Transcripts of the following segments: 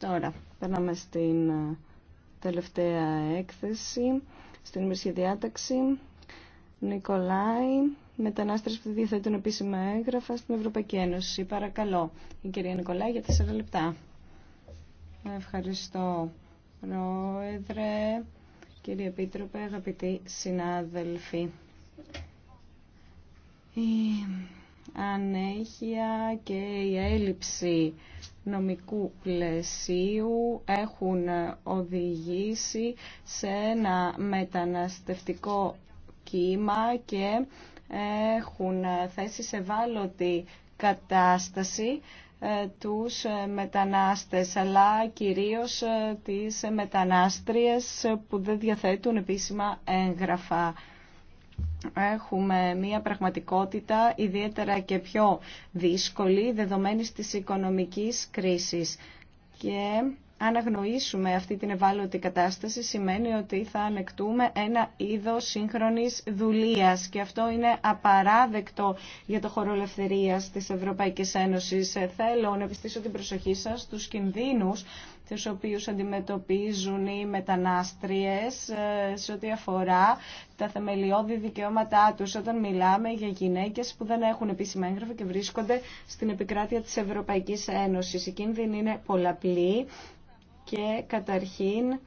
Τώρα, περνάμε στην ε, τελευταία έκθεση, στην ημερήσια διάταξη. Νικολάη, μετανάστες που διαθέτουν επίσημα έγγραφα στην Ευρωπαϊκή Ένωση. Παρακαλώ, η κυρία Νικολάη, για τέσσερα λεπτά. Ευχαριστώ, Πρόεδρε, κύριε Επίτροπε, αγαπητοί συνάδελφοι ανέχεια και η έλλειψη νομικού πλαισίου έχουν οδηγήσει σε ένα μεταναστευτικό κύμα και έχουν θέσει σε βάλωτη κατάσταση ε, τους μετανάστες αλλά κυρίως ε, τις μετανάστριες που δεν διαθέτουν επίσημα έγγραφα έχουμε μια πραγματικότητα ιδιαίτερα και πιο δύσκολη δεδομένη της οικονομικής κρίσης. Και αν αγνοήσουμε αυτή την ευάλωτη κατάσταση σημαίνει ότι θα ανεκτούμε ένα είδος σύγχρονης δουλείας και αυτό είναι απαράδεκτο για το χώρο ελευθερίας της Ευρωπαϊκής Ένωσης. Θέλω να επιστήσω την προσοχή σας στους κινδύνους τους οποίους αντιμετωπίζουν οι μετανάστριες ε, σε ό,τι αφορά τα θεμελιώδη δικαιώματά τους όταν μιλάμε για γυναίκες που δεν έχουν επίσημα έγγραφα και βρίσκονται στην επικράτεια της Ευρωπαϊκής Ένωσης. Η κίνδυνη είναι πολλαπλοί και καταρχήν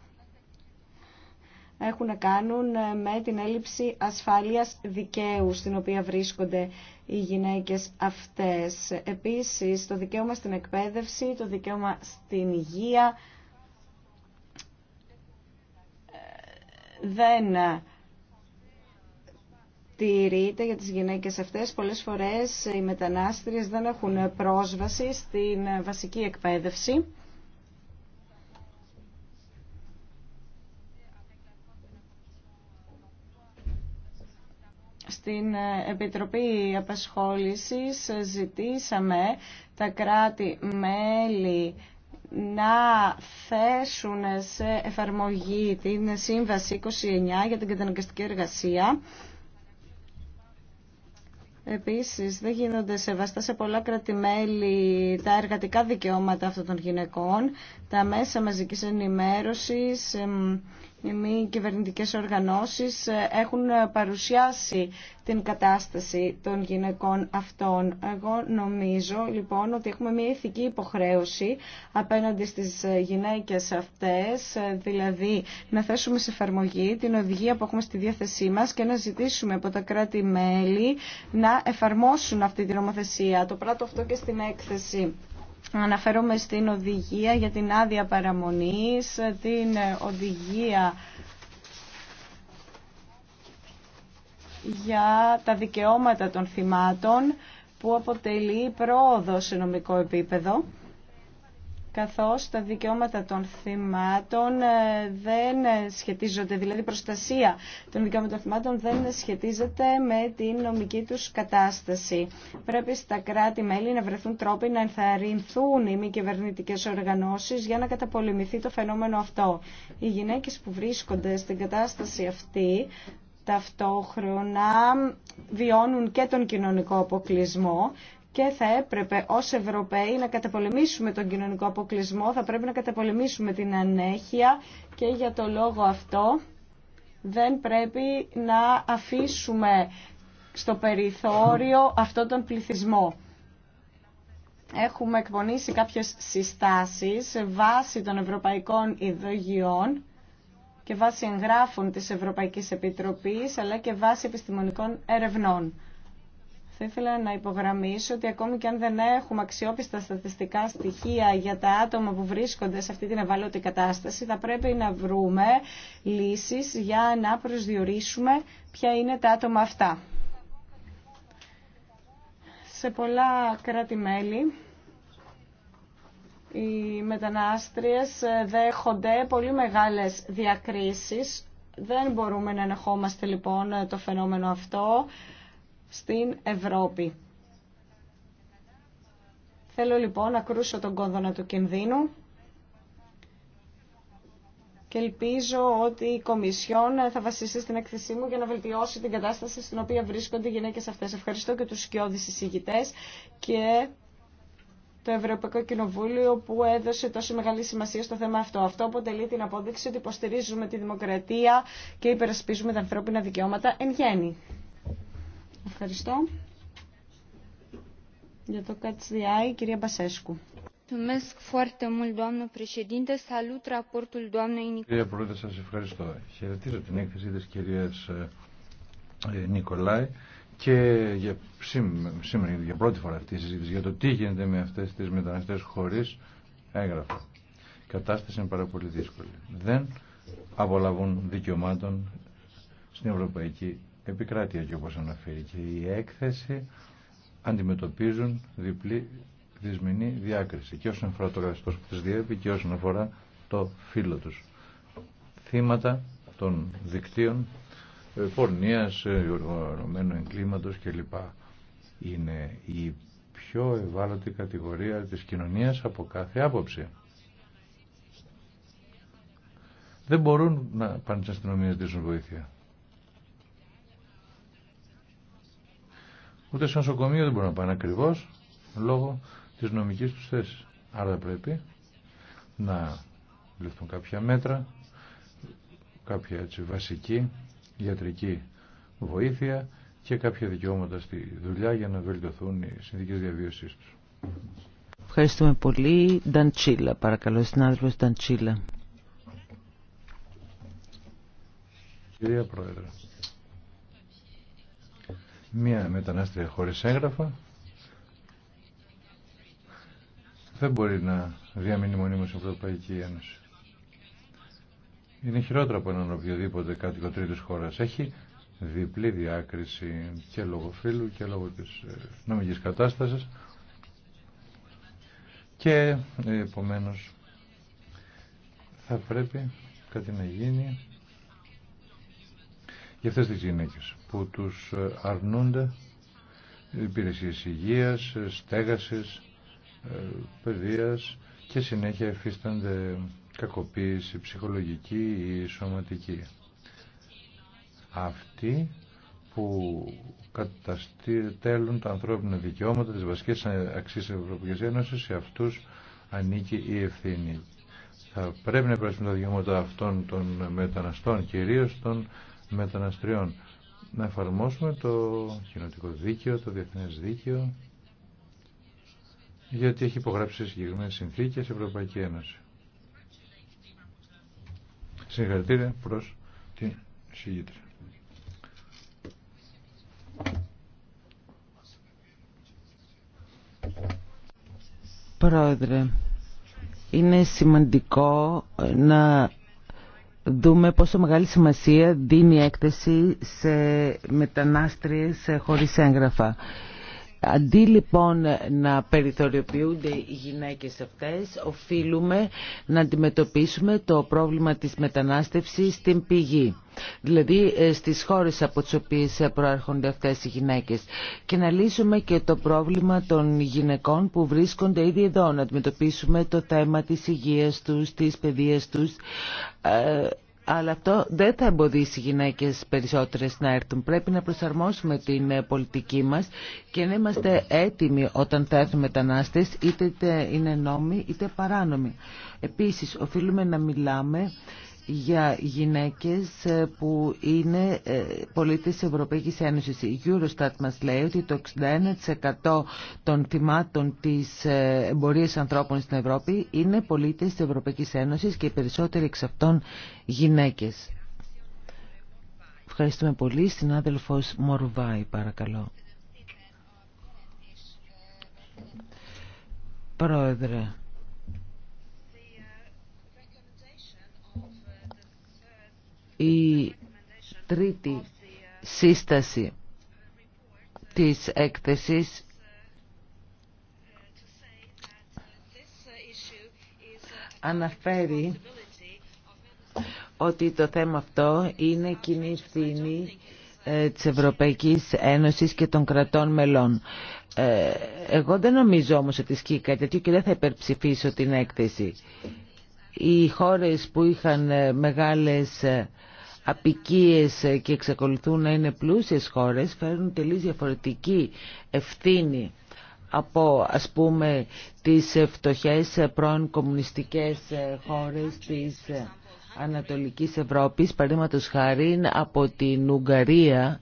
έχουν να κάνουν ε, με την έλλειψη ασφάλειας δικαίου στην οποία βρίσκονται οι γυναίκες αυτές. Επίσης, το δικαίωμα στην εκπαίδευση, το δικαίωμα στην υγεία ε, δεν τηρείται για τις γυναίκες αυτές. Πολλές φορές οι μετανάστριες δεν έχουν πρόσβαση στην βασική εκπαίδευση στην ε, Επιτροπή Απασχόλησης ζητήσαμε τα κράτη-μέλη να θέσουν σε εφαρμογή την Σύμβαση 29 για την καταναγκαστική εργασία. Επίσης, δεν γίνονται σεβαστά σε πολλά κρατη κράτη-μέλη τα εργατικά δικαιώματα αυτών των γυναικών, τα μέσα μαζικής ενημέρωσης, οι μη κυβερνητικές οργανώσεις ε, έχουν ε, παρουσιάσει την κατάσταση των γυναικών αυτών. Εγώ νομίζω λοιπόν ότι έχουμε μια ηθική υποχρέωση απέναντι στις ε, γυναίκες αυτές, δηλαδή να θέσουμε σε εφαρμογή την οδηγία που έχουμε στη διάθεσή μας και να ζητήσουμε από τα κράτη-μέλη να εφαρμόσουν αυτή την νομοθεσία. Το πράττω αυτό και στην έκθεση. Αναφέρομαι στην οδηγία για την άδεια παραμονής, την οδηγία για τα δικαιώματα των θυμάτων που αποτελεί πρόοδο σε νομικό επίπεδο καθώς τα δικαιώματα των θυμάτων ε, δεν σχετίζονται, δηλαδή η προστασία των δικαιώματων των θυμάτων δεν σχετίζεται με την νομική τους κατάσταση. Πρέπει στα κράτη-μέλη να βρεθούν τρόποι να ενθαρρυνθούν οι μη κυβερνητικέ οργανώσεις για να καταπολεμηθεί το φαινόμενο αυτό. Οι γυναίκες που βρίσκονται στην κατάσταση αυτή ταυτόχρονα βιώνουν και τον κοινωνικό αποκλεισμό και θα έπρεπε ως Ευρωπαίοι να καταπολεμήσουμε τον κοινωνικό αποκλεισμό, θα πρέπει να καταπολεμήσουμε την ανέχεια και για το λόγο αυτό δεν πρέπει να αφήσουμε στο περιθώριο αυτόν τον πληθυσμό. Έχουμε εκπονήσει κάποιες συστάσεις βάσει των ευρωπαϊκών ιδογιών και βάσει εγγράφων της Ευρωπαϊκής Επιτροπής αλλά και βάσει επιστημονικών ερευνών. Θα ήθελα να υπογραμμίσω ότι ακόμη και αν δεν έχουμε αξιόπιστα στατιστικά στοιχεία για τα άτομα που βρίσκονται σε αυτή την ευάλωτη κατάσταση, θα πρέπει να βρούμε λύσεις για να προσδιορίσουμε ποια είναι τα άτομα αυτά. Σε πολλά κράτη-μέλη, οι μετανάστριες δέχονται πολύ μεγάλες διακρίσεις. Δεν μπορούμε να ενεχόμαστε λοιπόν το φαινόμενο αυτό στην Ευρώπη. Θέλω λοιπόν να κρούσω τον κόδωνα του κινδύνου και ελπίζω ότι η Κομισιόν θα βασίσει στην έκθεσή μου για να βελτιώσει την κατάσταση στην οποία βρίσκονται οι γυναίκες αυτές. Ευχαριστώ και τους σκιώδεις εισηγητές και το Ευρωπαϊκό Κοινοβούλιο που έδωσε τόση μεγάλη σημασία στο θέμα αυτό. Αυτό αποτελεί την απόδειξη ότι υποστηρίζουμε τη δημοκρατία και υπερασπίζουμε τα ανθρώπινα δικαιώματα εν γέννη. Ευχαριστώ. Για το ΚΑΤΣΔΙ, η κυρία Μπασέσκου. Κυρία Πρόεδρε, σας ευχαριστώ. Χαιρετίζω την έκθεση της κυρίας ε, ε, Νικολάη και για σήμερα για πρώτη φορά αυτή η συζήτηση για το τι γίνεται με αυτές τις μεταναστές χωρίς έγγραφο. Η κατάσταση είναι πάρα πολύ δύσκολη. Δεν απολαβούν δικαιωμάτων στην Ευρωπαϊκή επικράτεια και όπως αναφέρει και η έκθεση αντιμετωπίζουν διπλή δυσμενή διάκριση και όσον αφορά το καθεστώς που τις διέπει και όσον αφορά το φύλλο τους. Θύματα των δικτύων ε, πορνείας, ε, οργανωμένου εγκλήματος κλπ. Είναι η πιο ευάλωτη κατηγορία της κοινωνίας από κάθε άποψη. Δεν μπορούν να πάνε στις αστυνομίες να βοήθεια. ούτε σε νοσοκομείο δεν μπορούν να πάνε ακριβώ λόγω της νομικής τους θέση. Άρα πρέπει να ληφθούν κάποια μέτρα, κάποια έτσι, βασική γιατρική βοήθεια και κάποια δικαιώματα στη δουλειά για να βελτιωθούν οι συνθήκες διαβίωσή τους. Ευχαριστούμε πολύ. Νταντσίλα, παρακαλώ, συνάδελφο Νταντσίλα. Κυρία Πρόεδρε, μία μετανάστρια χωρίς έγγραφα δεν μπορεί να διαμείνει μονίμως στην Ευρωπαϊκή Ένωση. Είναι χειρότερα από έναν οποιοδήποτε κάτοικο τρίτης χώρας. Έχει διπλή διάκριση και λόγω φύλου και λόγω της ε, νομικής κατάστασης και ε, επομένως θα πρέπει κάτι να γίνει για αυτές τις γυναίκες που τους ε, αρνούνται υπηρεσίες υγείας, ε, στέγασης, ε, παιδείας και συνέχεια εφίστανται κακοποίηση ψυχολογική ή σωματική. Αυτοί που καταστέλουν τα ανθρώπινα δικαιώματα, τις βασικές αξίες της Ευρωπαϊκής Ένωσης, σε αυτούς ανήκει η ευθύνη. Θα πρέπει να υπερασπιστούν τα δικαιώματα ανηκει η ευθυνη θα πρεπει να υπαρξουν τα δικαιωματα αυτων των μεταναστών, κυρίως των μεταναστριών. Να εφαρμόσουμε το κοινωτικό δίκαιο, το διεθνές δίκαιο, γιατί έχει υπογράψει συγκεκριμένε συνθήκε η Ευρωπαϊκή Ένωση. Συγχαρητήρια προς την συγκίτρια. Πρόεδρε, είναι σημαντικό να δούμε πόσο μεγάλη σημασία δίνει η έκθεση σε μετανάστριες ε, χωρίς έγγραφα. Αντί λοιπόν να περιθωριοποιούνται οι γυναίκες αυτές, οφείλουμε να αντιμετωπίσουμε το πρόβλημα της μετανάστευσης στην πηγή. Δηλαδή ε, στις χώρες από τις οποίες προέρχονται αυτές οι γυναίκες. Και να λύσουμε και το πρόβλημα των γυναικών που βρίσκονται ήδη εδώ. Να αντιμετωπίσουμε το θέμα της υγείας τους, της παιδείας τους ε, αλλά αυτό δεν θα εμποδίσει οι γυναίκες περισσότερες να έρθουν. Πρέπει να προσαρμόσουμε την ε, πολιτική μας και να είμαστε έτοιμοι όταν θα έρθουν μετανάστες, είτε είναι νόμοι είτε παράνομοι. Επίσης, οφείλουμε να μιλάμε για γυναίκες ε, που είναι ε, πολίτες της Ευρωπαϊκής Ένωσης. Η Eurostat μας λέει ότι το 61% των θυμάτων της ε, εμπορίας ανθρώπων στην Ευρώπη είναι πολίτες της Ευρωπαϊκής Ένωσης και οι περισσότεροι εξ αυτών γυναίκες. Ευχαριστούμε πολύ. Συνάδελφος Μορβάη, παρακαλώ. Πρόεδρε, Η τρίτη σύσταση της έκθεσης αναφέρει ότι το θέμα αυτό είναι κοινή ευθύνη ε, της Ευρωπαϊκής Ένωσης και των κρατών μελών. Ε, εγώ δεν νομίζω όμως ότι σκεί κάτι τέτοιο και δεν θα υπερψηφίσω την έκθεση. Οι χώρες που είχαν ε, μεγάλες απικίες ε, και εξακολουθούν να είναι πλούσιες χώρες φέρνουν τελείως διαφορετική ευθύνη από ας πούμε τις ε, φτωχές ε, πρώην κομμουνιστικές χώρες της Ανατολικής Ευρώπης, παραδείγματο χάρη από την Ουγγαρία,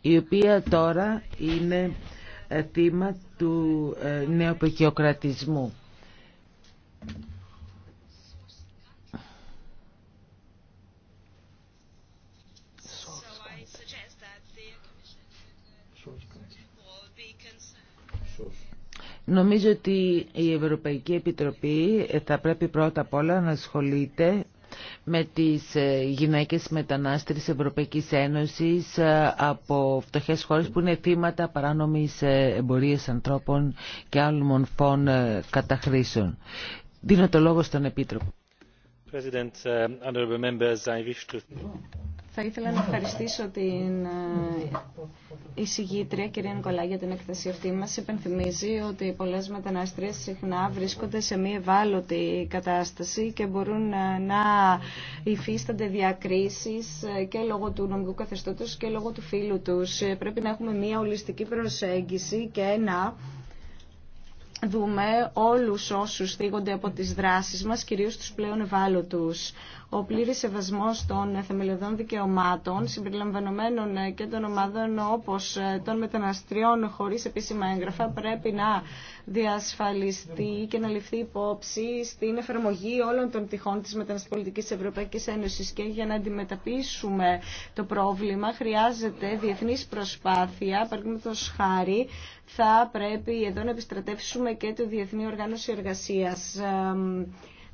η οποία τώρα είναι θύμα του νεοπαικιοκρατισμού. Νομίζω ότι η Ευρωπαϊκή Επιτροπή ε, θα πρέπει πρώτα απ' όλα να ασχολείται με τις ε, γυναίκες μετανάστες Ευρωπαϊκής Ένωσης ε, από φτωχές χώρες που είναι θύματα παράνομης εμπορίας ανθρώπων και άλλων μορφών καταχρήσεων. Δίνω το λόγο στον Επίτροπο. Θα ήθελα να ευχαριστήσω την ε, εισηγήτρια, κυρία Νικολά, για την εκθέση αυτή. Μας Επενθυμίζει ότι πολλές μετανάστρες συχνά βρίσκονται σε μία ευάλωτη κατάσταση και μπορούν ε, να υφίστανται διακρίσεις ε, και λόγω του νομικού καθεστώτος και λόγω του φίλου τους. Πρέπει να έχουμε μία ολιστική προσέγγιση και να δούμε όλους όσους θίγονται από τις δράσεις μας, κυρίως τους πλέον ευάλωτους ο πλήρης σεβασμός των θεμελιωδών δικαιωμάτων συμπεριλαμβανομένων ε, και των ομάδων όπως ε, των μεταναστριών χωρίς επίσημα έγγραφα πρέπει να διασφαλιστεί και να ληφθεί υπόψη στην εφαρμογή όλων των τυχών της μεταναστοπολιτικής της Ευρωπαϊκής Ένωσης και για να αντιμεταπίσουμε το πρόβλημα χρειάζεται διεθνής προσπάθεια, παραδείγματος χάρη, θα πρέπει εδώ να επιστρατεύσουμε και το Διεθνή Οργάνωση Εργασίας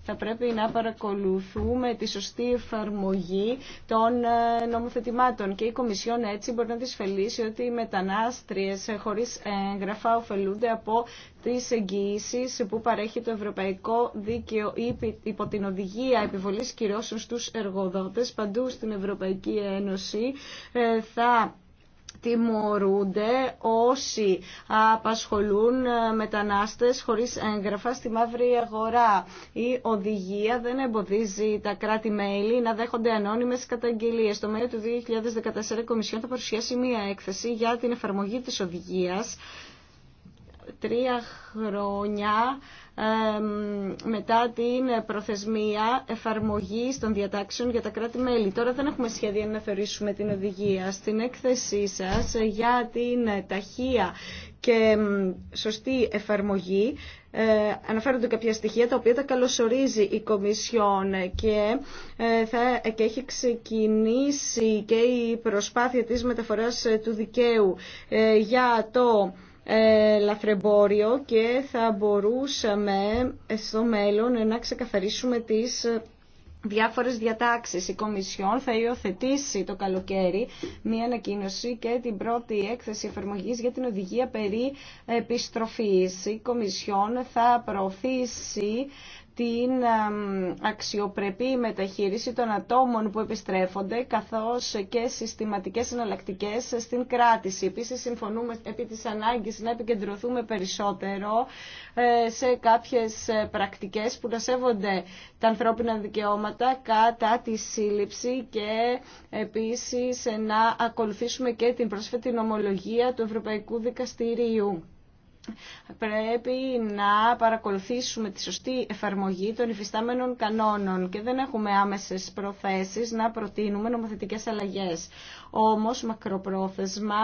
θα πρέπει να παρακολουθούμε τη σωστή εφαρμογή των ε, νομοθετημάτων και η Κομισιόν έτσι μπορεί να δυσφελίσει ότι οι μετανάστριες ε, χωρίς εγγραφά ωφελούνται από τις εγγυήσεις που παρέχει το Ευρωπαϊκό Δίκαιο υπό την οδηγία επιβολής κυρώσεων στους εργοδότες παντού στην Ευρωπαϊκή Ένωση ε, θα τιμωρούνται όσοι απασχολούν ε, μετανάστες χωρίς έγγραφα στη μαύρη αγορά. Η οδηγία δεν εμποδίζει τα κράτη-μέλη να δέχονται ανώνυμες καταγγελίες. Το μέλλον του 2014 η Κομισιόν θα παρουσιάσει μία έκθεση για την εφαρμογή της οδηγίας τρία χρόνια μετά την προθεσμία εφαρμογής των διατάξεων για τα κράτη-μέλη. Τώρα δεν έχουμε σχέδια να θεωρήσουμε την οδηγία. Στην έκθεσή σας για την ταχεία και σωστή εφαρμογή ε, αναφέρονται κάποια στοιχεία τα οποία τα καλωσορίζει η Κομισιόν και, ε, θα, έχει ξεκινήσει και η προσπάθεια της μεταφοράς ε, του δικαίου για το ε, λαθρεμπόριο και θα μπορούσαμε στο μέλλον να ξεκαθαρίσουμε τις διάφορες διατάξεις. Η Κομισιόν θα υιοθετήσει το καλοκαίρι μία ανακοίνωση και την πρώτη έκθεση εφαρμογής για την οδηγία περί επιστροφής. Η Κομισιόν θα προωθήσει την αξιοπρεπή μεταχείριση των ατόμων που επιστρέφονται, καθώς και συστηματικές εναλλακτικέ στην κράτηση. Επίσης, συμφωνούμε επί της ανάγκης να επικεντρωθούμε περισσότερο ε, σε κάποιες ε, πρακτικές που να σέβονται τα ανθρώπινα δικαιώματα κατά τη σύλληψη και επίσης να ακολουθήσουμε και την πρόσφατη νομολογία του Ευρωπαϊκού Δικαστηρίου πρέπει να παρακολουθήσουμε τη σωστή εφαρμογή των υφιστάμενων κανόνων και δεν έχουμε άμεσες προθέσεις να προτείνουμε νομοθετικές αλλαγές. Όμως, μακροπρόθεσμα,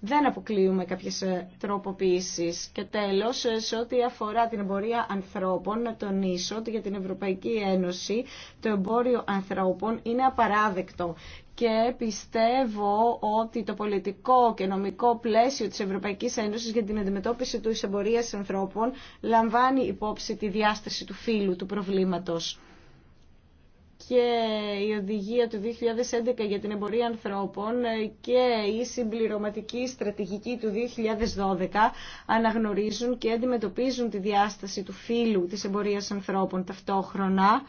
δεν αποκλείουμε κάποιες ε, τροποποιήσεις. Και τέλος, ε, σε ό,τι αφορά την εμπορία ανθρώπων, να τονίσω ότι για την Ευρωπαϊκή Ένωση το εμπόριο ανθρώπων είναι απαράδεκτο και πιστεύω ότι το πολιτικό και νομικό πλαίσιο της Ευρωπαϊκής Ένωσης για την αντιμετώπιση του εισεμπορίας ανθρώπων λαμβάνει υπόψη τη διάσταση του φύλου του προβλήματος. Και η οδηγία του 2011 για την εμπορία ανθρώπων και η συμπληρωματική στρατηγική του 2012 αναγνωρίζουν και αντιμετωπίζουν τη διάσταση του φύλου της εμπορίας ανθρώπων ταυτόχρονα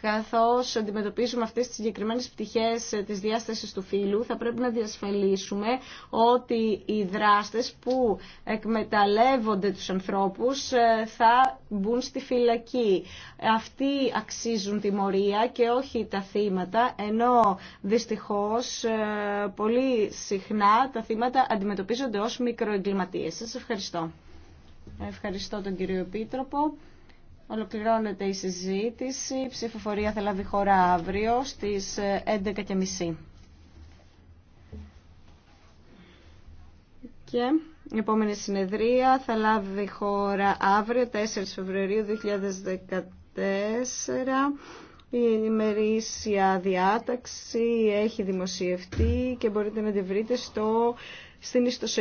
καθώς αντιμετωπίζουμε αυτές τις συγκεκριμένες πτυχές ε, της διάστασης του φύλου, θα πρέπει να διασφαλίσουμε ότι οι δράστες που εκμεταλλεύονται τους ανθρώπους ε, θα μπουν στη φυλακή. Αυτοί αξίζουν τιμωρία και όχι τα θύματα, ενώ δυστυχώς ε, πολύ συχνά τα θύματα αντιμετωπίζονται ως μικροεγκληματίες. Σας ευχαριστώ. Ευχαριστώ τον κύριο Επίτροπο. Ολοκληρώνεται η συζήτηση. Η ψηφοφορία θα λάβει χώρα αύριο στις 11.30. Και η επόμενη συνεδρία θα λάβει χώρα αύριο, 4 Φεβρουαρίου 2014. Η ημερήσια διάταξη έχει δημοσιευτεί και μπορείτε να τη βρείτε στο, στην ιστοσελίδα.